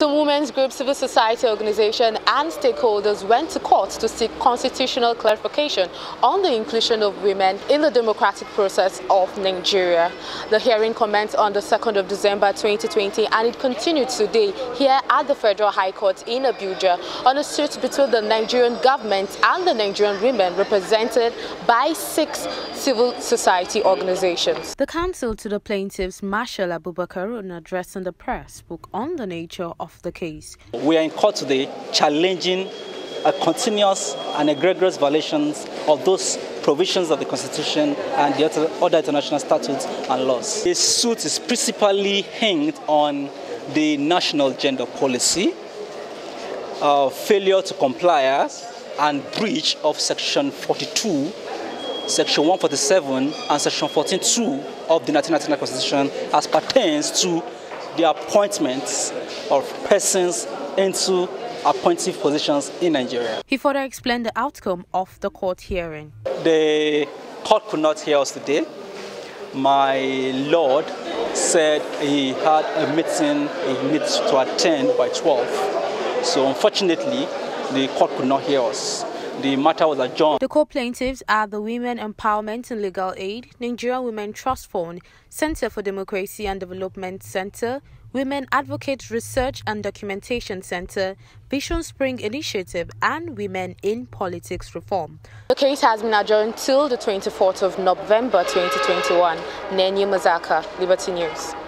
The women's group, civil society organization and stakeholders went to court to seek constitutional clarification on the inclusion of women in the democratic process of Nigeria. The hearing commenced on the 2nd of December 2020 and it continued today here at the Federal High Court in Abuja on a suit between the Nigerian government and the Nigerian women represented by six civil society organizations. The counsel to the plaintiffs, Marshall Abubakar, addressing the press, spoke on the nature of of the case. We are in court today challenging a continuous and egregious violations of those provisions of the Constitution and the other international statutes and laws. This suit is principally hinged on the national gender policy, uh, failure to comply, and breach of Section 42 Section 147 and Section 14.2 of the 1999 Constitution as pertains to the appointments of persons into appointive positions in Nigeria. He further explained the outcome of the court hearing. The court could not hear us today. My lord said he had a meeting he needs to attend by 12. So unfortunately, the court could not hear us the matter was adjourned. The co-plaintiffs are the Women Empowerment and Legal Aid, Nigerian Women Trust Fund, Center for Democracy and Development Center, Women Advocates Research and Documentation Center, Vision Spring Initiative, and Women in Politics Reform. The case has been adjourned till the 24th of November 2021. Nenye Mazaka, Liberty News.